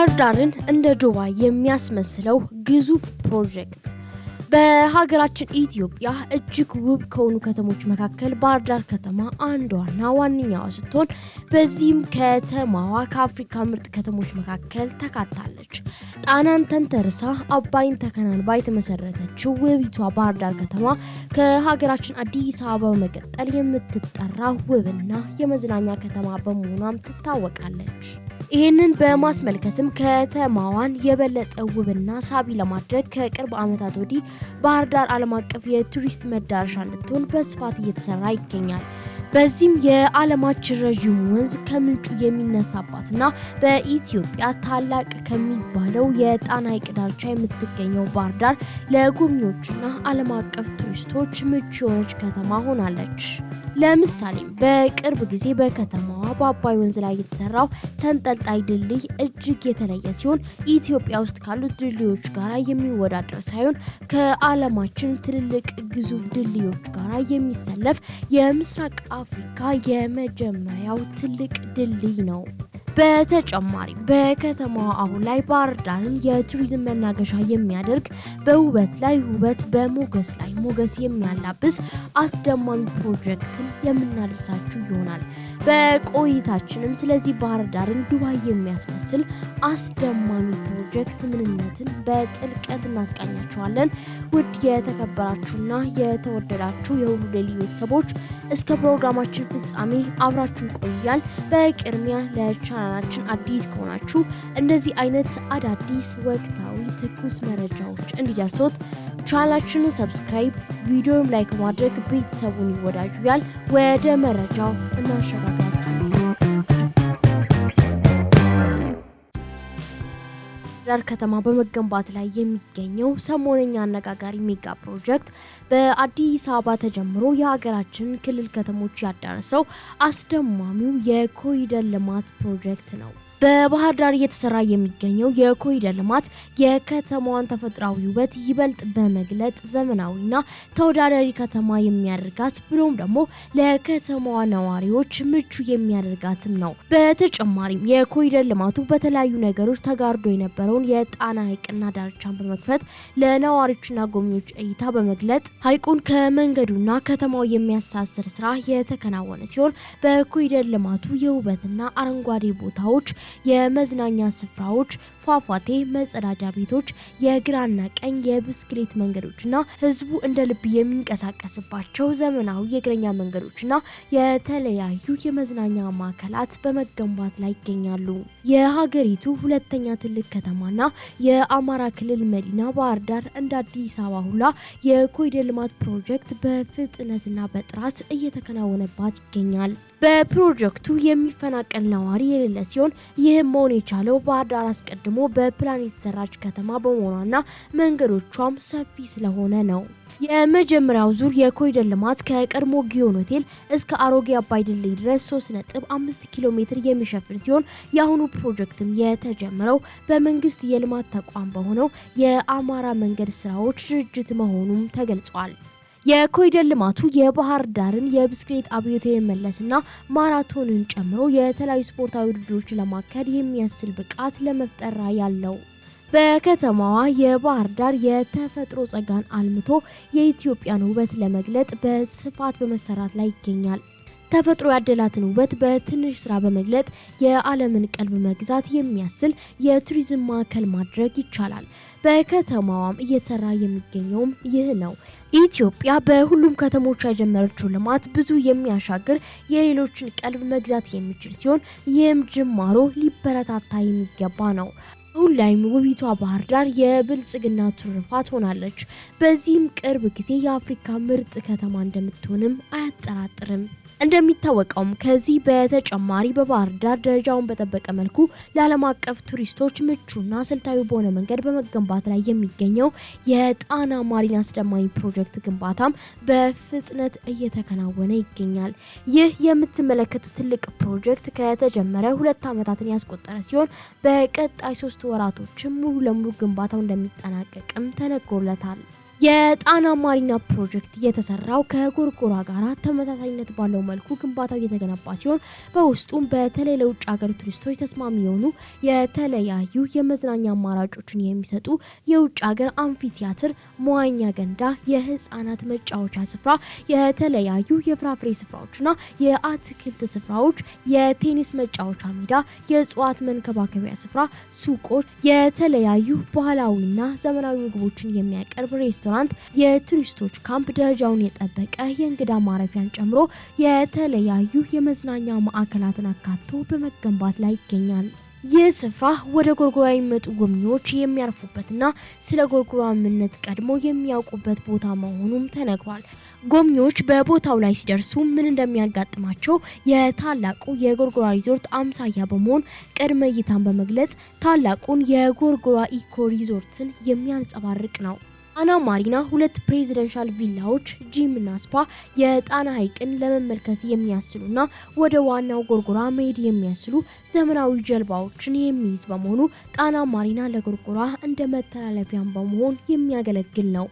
ባህር ዳርን እንደ ዱባይ የሚያስመስለው ግዙፍ ፕሮጀክት በሀገራችን ኢትዮጵያ እጅግ ውብ ከሆኑ ከተሞች መካከል ባህር ዳር ከተማ አንዷና ዋነኛዋ ስትሆን በዚህም ከተማዋ ከአፍሪካ ምርጥ ከተሞች መካከል ተካታለች። ጣናን ተንተርሳ አባይን ተከናንባ የተመሰረተችው ውቢቷ ባህር ዳር ከተማ ከሀገራችን አዲስ አበባ በመቀጠል የምትጠራ ውብና የመዝናኛ ከተማ በመሆኗም ትታወቃለች። ይህንን በማስመልከትም ከተማዋን የበለጠ ውብና ሳቢ ለማድረግ ከቅርብ ዓመታት ወዲህ ባህር ዳር ዓለም አቀፍ የቱሪስት መዳረሻ እንድትሆን በስፋት እየተሰራ ይገኛል። በዚህም የዓለማችን ረዥሙ ወንዝ ከምንጩ የሚነሳባትና በኢትዮጵያ ታላቅ ከሚባለው የጣና ሐይቅ ዳርቻ የምትገኘው ባህር ዳር ለጎብኚዎችና ዓለም አቀፍ ቱሪስቶች ምቹ የሆነች ከተማ ሆናለች። ለምሳሌም በቅርብ ጊዜ በከተማዋ በአባይ ወንዝ ላይ የተሰራው ተንጠልጣይ ድልድይ እጅግ የተለየ ሲሆን ኢትዮጵያ ውስጥ ካሉት ድልድዮች ጋር የሚወዳደር ሳይሆን ከዓለማችን ትልልቅ ግዙፍ ድልድዮች ጋር የሚሰለፍ የምስራቅ አፍሪካ የመጀመሪያው ትልቅ ድልድይ ነው። በተጨማሪም በከተማዋ አሁን ላይ ባህር ዳርን የቱሪዝም መናገሻ የሚያደርግ በውበት ላይ ውበት፣ በሞገስ ላይ ሞገስ የሚያላብስ አስደማሚ ፕሮጀክትን የምናደርሳችሁ ይሆናል። በቆይታችንም ስለዚህ ባህር ዳርን ዱባይ የሚያስመስል አስደማሚ ፕሮጀክት ምንነትን በጥልቀት እናስቃኛችኋለን። ውድ የተከበራችሁና የተወደዳችሁ የሁሉ ዴይሊ ቤተሰቦች እስከ ፕሮግራማችን ፍጻሜ አብራችሁ ይቆያል። በቅድሚያ ለቻ ቻናላችን አዲስ ከሆናችሁ እንደዚህ አይነት አዳዲስ ወቅታዊ ትኩስ መረጃዎች እንዲደርሶት ቻናላችንን ሰብስክራይብ፣ ቪዲዮም ላይክ ማድረግ ቤተሰቡን ይወዳጁ። ያል ወደ መረጃው እናሸጋገር። ዳር ከተማ በመገንባት ላይ የሚገኘው ሰሞነኛ አነጋጋሪ ሜጋ ፕሮጀክት በአዲስ አበባ ተጀምሮ የሀገራችን ክልል ከተሞች ያዳረሰው አስደማሚው የኮሪደር ልማት ፕሮጀክት ነው። በባህር ዳር እየተሰራ የሚገኘው የኮሪደር ልማት የከተማዋን ተፈጥሯዊ ውበት ይበልጥ በመግለጥ ዘመናዊና ተወዳዳሪ ከተማ የሚያደርጋት ብሎም ደግሞ ለከተማዋ ነዋሪዎች ምቹ የሚያደርጋትም ነው። በተጨማሪም የኮሪደር ልማቱ በተለያዩ ነገሮች ተጋርዶ የነበረውን የጣና ሐይቅና ዳርቻን በመክፈት ለነዋሪዎችና ጎብኚዎች እይታ በመግለጥ ሐይቁን ከመንገዱና ከተማው የሚያሳስር ስራ የተከናወነ ሲሆን በኮሪደር ልማቱ የውበትና አረንጓዴ ቦታዎች የመዝናኛ ስፍራዎች ፏፏቴ፣ መጸዳጃ ቤቶች፣ የግራና ቀኝ የብስክሌት መንገዶችና ህዝቡ እንደ ልብ የሚንቀሳቀስባቸው ዘመናዊ የእግረኛ መንገዶችና የተለያዩ የመዝናኛ ማዕከላት በመገንባት ላይ ይገኛሉ። የሀገሪቱ ሁለተኛ ትልቅ ከተማና የአማራ ክልል መዲና ባህር ዳር እንደ አዲስ አበባ ሁላ የኮሪደር ልማት ፕሮጀክት በፍጥነትና በጥራት እየተከናወነባት ይገኛል። በፕሮጀክቱ የሚፈናቀል ነዋሪ የሌለ ሲሆን ይህም መሆን የቻለው ባህር ዳር አስቀድሞ ደግሞ በፕላን የተሰራች ከተማ በመሆኗና መንገዶቿም ሰፊ ስለሆነ ነው። የመጀመሪያው ዙር የኮሪደር ልማት ከቀድሞ ጊዮን ሆቴል እስከ አሮጌ አባይ ድልድይ ድረስ 3.5 ኪሎ ሜትር የሚሸፍን ሲሆን የአሁኑ ፕሮጀክትም የተጀመረው በመንግስት የልማት ተቋም በሆነው የአማራ መንገድ ስራዎች ድርጅት መሆኑም ተገልጿል። የኮሪደር ልማቱ የባህር ዳርን የብስክሌት አብዮት የመመለስና ማራቶንን ጨምሮ የተለያዩ ስፖርታዊ ውድድሮችን ለማካሄድ የሚያስችል ብቃት ለመፍጠር ያለው በከተማዋ የባህር ዳር የተፈጥሮ ጸጋን አልምቶ የኢትዮጵያን ውበት ለመግለጥ በስፋት በመሰራት ላይ ይገኛል። ተፈጥሮ ያደላትን ውበት በትንሽ ስራ በመግለጥ የዓለምን ቀልብ መግዛት የሚያስችል የቱሪዝም ማዕከል ማድረግ ይቻላል። በከተማዋም እየተሰራ የሚገኘውም ይህ ነው። ኢትዮጵያ በሁሉም ከተሞች የጀመረችው ልማት ብዙ የሚያሻግር የሌሎችን ቀልብ መግዛት የሚችል ሲሆን ይህም ጅማሮ ሊበረታታ የሚገባ ነው። አሁን ላይም ውቢቷ ባህር ዳር የብልጽግና ትሩፋት ሆናለች። በዚህም ቅርብ ጊዜ የአፍሪካ ምርጥ ከተማ እንደምትሆንም አያጠራጥርም። እንደሚታወቀውም ከዚህ በተጨማሪ በባህር ዳር ደረጃውን በጠበቀ መልኩ ለዓለም አቀፍ ቱሪስቶች ምቹና ስልታዊ በሆነ መንገድ በመገንባት ላይ የሚገኘው የጣና ማሪን አስደማኝ ፕሮጀክት ግንባታም በፍጥነት እየተከናወነ ይገኛል። ይህ የምትመለከቱት ትልቅ ፕሮጀክት ከተጀመረ ሁለት ዓመታትን ያስቆጠረ ሲሆን በቀጣይ ሶስት ወራቶች ሙሉ ለሙሉ ግንባታው እንደሚጠናቀቅም ተነግሮለታል። የጣና ማሪና ፕሮጀክት የተሰራው ከጎርጎራ ጋር ተመሳሳይነት ባለው መልኩ ግንባታው የተገነባ ሲሆን በውስጡም በተለይ ለውጭ ሀገር ቱሪስቶች ተስማሚ የሆኑ የተለያዩ የመዝናኛ አማራጮችን የሚሰጡ የውጭ ሀገር አምፊቲያትር፣ መዋኛ ገንዳ፣ የህፃናት መጫወቻ ስፍራ፣ የተለያዩ የፍራፍሬ ስፍራዎችና የአትክልት ስፍራዎች፣ የቴኒስ መጫወቻ ሜዳ፣ የእጽዋት መንከባከቢያ ስፍራ፣ ሱቆች፣ የተለያዩ ባህላዊና ዘመናዊ ምግቦችን የሚያቀርብ ሬስቶ ሬስቶራንት የቱሪስቶች ካምፕ ደረጃውን የጠበቀ የእንግዳ ማረፊያን ጨምሮ የተለያዩ የመዝናኛ ማዕከላትን አካቶ በመገንባት ላይ ይገኛል። ይህ ስፍራ ወደ ጎርጎራ የሚመጡ ጎብኚዎች የሚያርፉበትና ስለ ጎርጎራ ምንነት ቀድሞ የሚያውቁበት ቦታ መሆኑም ተነግሯል። ጎብኚዎች በቦታው ላይ ሲደርሱ ምን እንደሚያጋጥማቸው የታላቁ የጎርጎራ ሪዞርት አምሳያ በመሆን ቅድመ እይታን በመግለጽ ታላቁን የጎርጎራ ኢኮ ሪዞርትን የሚያንጸባርቅ ነው። አና ማሪና ሁለት ፕሬዚደንሻል ቪላዎች ጂም እና ስፓ የጣና ሐይቅን ለመመልከት የሚያስችሉና ወደ ዋናው ጎርጎራ መሄድ የሚያስችሉ ዘመናዊ ጀልባዎችን የሚይዝ በመሆኑ ጣና ማሪና ለጎርጎራ እንደ መተላለፊያም በመሆን የሚያገለግል ነው።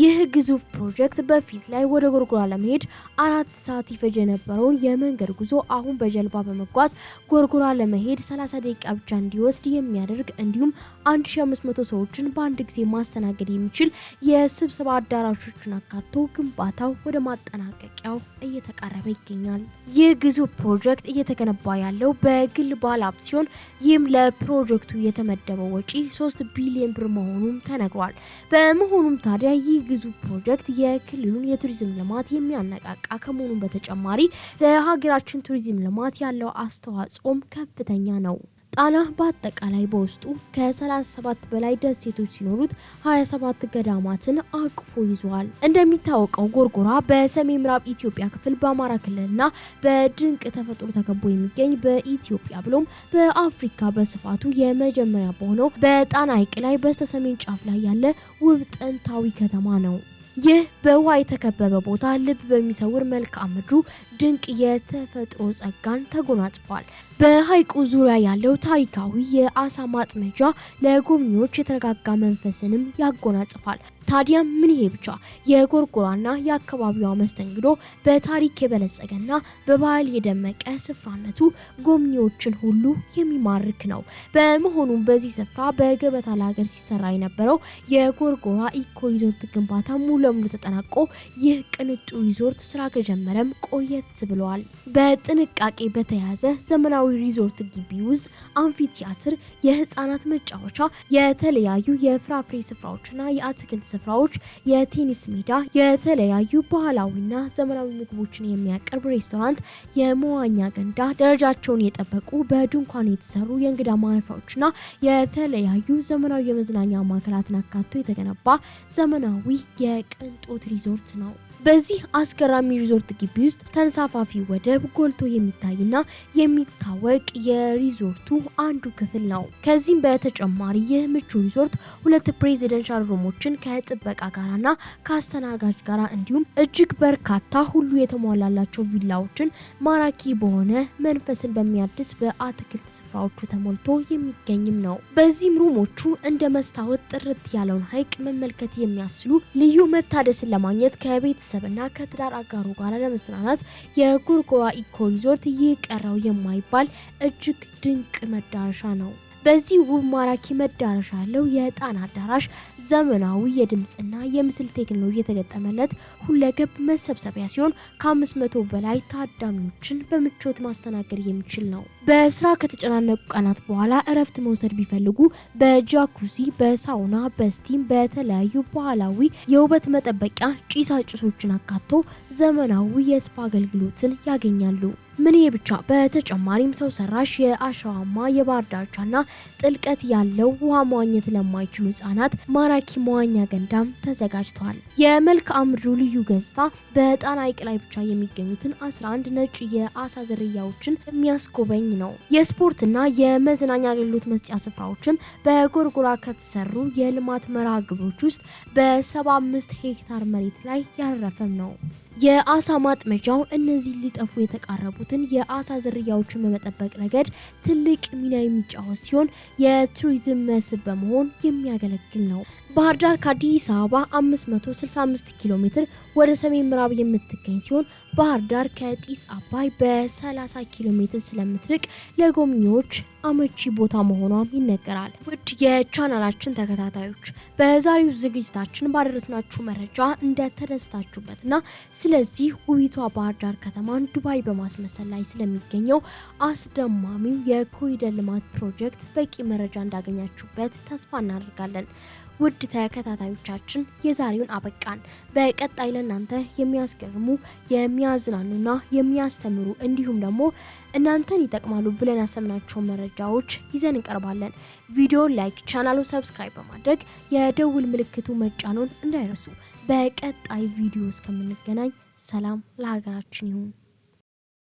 ይህ ግዙፍ ፕሮጀክት በፊት ላይ ወደ ጎርጎራ ለመሄድ አራት ሰዓት ይፈጅ የነበረውን የመንገድ ጉዞ አሁን በጀልባ በመጓዝ ጎርጎራ ለመሄድ 30 ደቂቃ ብቻ እንዲወስድ የሚያደርግ እንዲሁም 1500 ሰዎችን በአንድ ጊዜ ማስተናገድ የሚችል የስብሰባ አዳራሾችን አካቶ ግንባታው ወደ ማጠናቀቂያው እየተቃረበ ይገኛል። ይህ ግዙፍ ፕሮጀክት እየተገነባ ያለው በግል ባለሀብት ሲሆን ይህም ለፕሮጀክቱ የተመደበው ወጪ 3 ቢሊዮን ብር መሆኑም ተነግሯል። በመሆኑም ታዲያ ይህ ግዙፍ ፕሮጀክት የክልሉን የቱሪዝም ልማት የሚያነቃቃ ከመሆኑን በተጨማሪ ለሀገራችን ቱሪዝም ልማት ያለው አስተዋጽኦም ከፍተኛ ነው። ጣና በአጠቃላይ በውስጡ ከ37 በላይ ደሴቶች ሲኖሩት 27 ገዳማትን አቅፎ ይዟል። እንደሚታወቀው ጎርጎራ በሰሜን ምዕራብ ኢትዮጵያ ክፍል በአማራ ክልልና በድንቅ ተፈጥሮ ተከቦ የሚገኝ በኢትዮጵያ ብሎም በአፍሪካ በስፋቱ የመጀመሪያ በሆነው በጣና ሐይቅ ላይ በስተሰሜን ጫፍ ላይ ያለ ውብ ጥንታዊ ከተማ ነው። ይህ በውሃ የተከበበ ቦታ ልብ በሚሰውር መልክዓ ምድሩ ድንቅ የተፈጥሮ ጸጋን ተጎናጽፏል። በሐይቁ ዙሪያ ያለው ታሪካዊ የአሳ ማጥመጃ ለጎብኚዎች የተረጋጋ መንፈስንም ያጎናጽፋል። ታዲያ ምን ይሄ ብቻ! የጎርጎራና የአካባቢዋ መስተንግዶ በታሪክ የበለጸገና በባህል የደመቀ ስፍራነቱ ጎብኚዎችን ሁሉ የሚማርክ ነው። በመሆኑም በዚህ ስፍራ በገበታ ለሀገር ሲሰራ የነበረው የጎርጎራ ኢኮ ሪዞርት ግንባታ ሙሉ ለሙሉ ተጠናቆ ይህ ቅንጡ ሪዞርት ስራ ከጀመረም ቆየት ብለዋል። በጥንቃቄ በተያዘ ዘመናዊ ሪዞርት ግቢ ውስጥ አንፊ ቲያትር፣ የህፃናት መጫወቻ፣ የተለያዩ የፍራፍሬ ስፍራዎችና የአትክልት ስፍራ ስፍራዎች፣ የቴኒስ ሜዳ፣ የተለያዩ ባህላዊና ዘመናዊ ምግቦችን የሚያቀርብ ሬስቶራንት፣ የመዋኛ ገንዳ፣ ደረጃቸውን የጠበቁ በድንኳን የተሰሩ የእንግዳ ማረፊያዎችና የተለያዩ ዘመናዊ የመዝናኛ ማዕከላትን አካቶ የተገነባ ዘመናዊ የቅንጦት ሪዞርት ነው። በዚህ አስገራሚ ሪዞርት ግቢ ውስጥ ተንሳፋፊ ወደብ ጎልቶ የሚታይና የሚታወቅ የሪዞርቱ አንዱ ክፍል ነው። ከዚህም በተጨማሪ ይህ ምቹ ሪዞርት ሁለት ፕሬዚደንሻል ሩሞችን ከጥበቃ ጋራና ከአስተናጋጅ ጋራ እንዲሁም እጅግ በርካታ ሁሉ የተሟላላቸው ቪላዎችን ማራኪ በሆነ መንፈስን በሚያድስ በአትክልት ስፍራዎቹ ተሞልቶ የሚገኝም ነው። በዚህም ሩሞቹ እንደ መስታወት ጥርት ያለውን ሐይቅ መመልከት የሚያስችሉ ልዩ መታደስን ለማግኘት ከቤት ለመሰብሰብና ከትዳር አጋሩ ጋር ለመዝናናት የጉርጎዋ ኢኮ ሪዞርት ይህ ቀረው የማይባል እጅግ ድንቅ መዳረሻ ነው። በዚህ ውብ ማራኪ መዳረሻ ያለው የዕጣን አዳራሽ ዘመናዊ የድምፅና የምስል ቴክኖሎጂ የተገጠመለት ሁለገብ መሰብሰቢያ ሲሆን ከ500 በላይ ታዳሚዎችን በምቾት ማስተናገድ የሚችል ነው። በስራ ከተጨናነቁ ቀናት በኋላ እረፍት መውሰድ ቢፈልጉ በጃኩዚ፣ በሳውና፣ በስቲም፣ በተለያዩ ባህላዊ የውበት መጠበቂያ ጭሳጭሶችን አካቶ ዘመናዊ የስፓ አገልግሎትን ያገኛሉ። ምን ብቻ፣ በተጨማሪም ሰው ሰራሽ የአሸዋማ የባህር ዳርቻና ጥልቀት ያለው ውሃ መዋኘት ለማይችሉ ህጻናት ማራኪ መዋኛ ገንዳም ተዘጋጅተዋል። የመልክ አምድሩ ልዩ ገጽታ በጣና ሐይቅ ላይ ብቻ የሚገኙትን 11 ነጭ የአሳ ዝርያዎችን የሚያስጎበኝ ነው። የስፖርትና የመዝናኛ አገልግሎት መስጫ ስፍራዎችም በጎርጎራ ከተሰሩ የልማት መርሃ ግብሮች ውስጥ በ75 ሄክታር መሬት ላይ ያረፈም ነው። የአሳ ማጥመጃው እነዚህ ሊጠፉ የተቃረቡትን የአሳ ዝርያዎችን በመጠበቅ ረገድ ትልቅ ሚና የሚጫወት ሲሆን የቱሪዝም መስህብ በመሆን የሚያገለግል ነው። ባህር ዳር ከአዲስ አበባ 565 ኪሎ ሜትር ወደ ሰሜን ምዕራብ የምትገኝ ሲሆን ባህር ዳር ከጢስ አባይ በ30 ኪሎ ሜትር ስለምትርቅ ለጎብኚዎች አመቺ ቦታ መሆኗም ይነገራል። ውድ የቻናላችን ተከታታዮች በዛሬው ዝግጅታችን ባደረስናችሁ መረጃ እንደተደሰታችሁበትና ስለዚህ ውቢቷ ባህር ዳር ከተማን ዱባይ በማስመሰል ላይ ስለሚገኘው አስደማሚው የኮሪደር ልማት ፕሮጀክት በቂ መረጃ እንዳገኛችሁበት ተስፋ እናደርጋለን። ውድ ተከታታዮቻችን የዛሬውን አበቃን። በቀጣይ ለእናንተ የሚያስገርሙ የሚያዝናኑና የሚያስተምሩ እንዲሁም ደግሞ እናንተን ይጠቅማሉ ብለን ያሰብናቸውን መረጃዎች ይዘን እንቀርባለን። ቪዲዮ ላይክ፣ ቻናሉን ሰብስክራይብ በማድረግ የደውል ምልክቱ መጫኖን እንዳይረሱ። በቀጣይ ቪዲዮ እስከምንገናኝ ሰላም ለሀገራችን ይሁን።